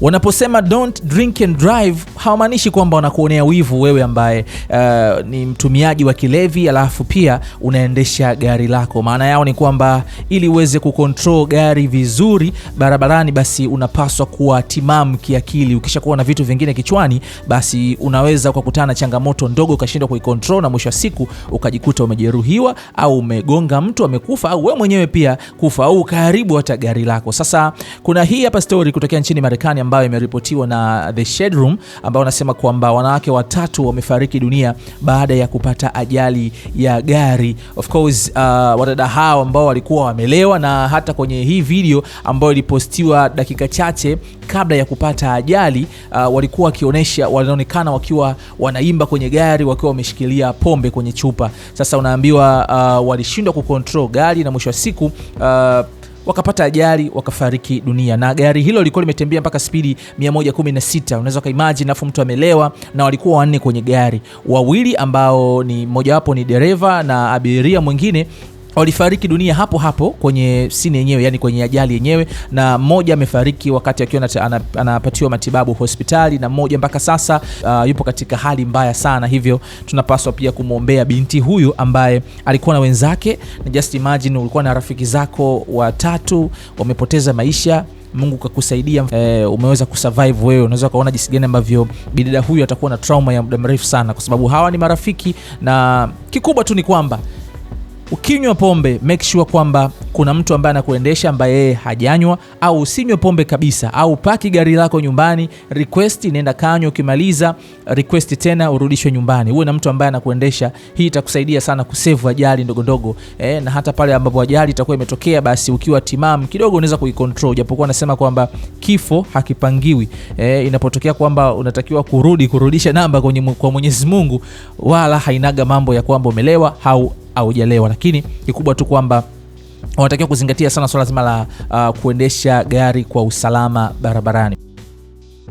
Wanaposema don't drink and drive, hawamaanishi kwamba wanakuonea wivu wewe ambaye uh, ni mtumiaji wa kilevi alafu pia unaendesha gari lako. Maana yao ni kwamba ili uweze kukontrol gari vizuri barabarani, basi unapaswa kuwa timamu kiakili. Ukishakuwa na vitu vingine kichwani, basi unaweza ukakutana na changamoto ndogo ukashindwa kuikontrol, na mwisho wa siku ukajikuta umejeruhiwa au umegonga mtu amekufa, au wewe mwenyewe pia kufa au ukaharibu hata gari lako. Sasa kuna hii hapa story kutokea nchini Marekani ambayo imeripotiwa na The shedroom ambao wanasema kwamba wanawake watatu wamefariki dunia baada ya kupata ajali ya gari. Of course, uh, wadada hao ambao walikuwa wamelewa, na hata kwenye hii video ambayo ilipostiwa dakika chache kabla ya kupata ajali uh, walikuwa wakionyesha, wanaonekana wakiwa wanaimba kwenye gari wakiwa wameshikilia pombe kwenye chupa. Sasa unaambiwa uh, walishindwa kucontrol gari na mwisho wa siku uh, wakapata ajali wakafariki dunia, na gari hilo lilikuwa limetembea mpaka spidi 116. Unaweza ukaimagine, alafu mtu amelewa, na walikuwa wanne kwenye gari, wawili ambao ni wapo ni dereva na abiria mwingine walifariki dunia hapo hapo kwenye sini yenyewe, yani kwenye ajali yenyewe, na mmoja amefariki wakati akiwa anapatiwa matibabu hospitali, na mmoja mpaka sasa uh, yupo katika hali mbaya sana. Hivyo tunapaswa pia kumwombea binti huyu ambaye alikuwa na wenzake, na just imagine ulikuwa na rafiki zako watatu wamepoteza maisha. Mungu kakusaidia e, umeweza kusurvive wewe. Unaweza ukaona jinsi gani ambavyo bidada huyu atakuwa na trauma ya muda mrefu sana, kwa sababu hawa ni marafiki, na kikubwa tu ni kwamba ukinywa pombe make sure kwamba kuna mtu ambaye anakuendesha ambaye yeye hajanywa, au usinywe pombe kabisa, au paki gari lako nyumbani, request nenda kanywa, ukimaliza request tena urudishwe nyumbani, uwe na mtu ambaye anakuendesha. Hii itakusaidia sana kusevu ajali ndogondogo eh, na hata pale ambapo ajali itakuwa imetokea, basi ukiwa timamu kidogo unaweza kuikontrol, japokuwa anasema kwamba kifo hakipangiwi eh, inapotokea kwamba unatakiwa kurudi kurudisha namba kwenye kwa Mwenyezi Mungu, wala hainaga mambo ya kwamba umelewa au aujalewa lakini kikubwa tu kwamba wanatakiwa kuzingatia sana swala zima la uh, kuendesha gari kwa usalama barabarani.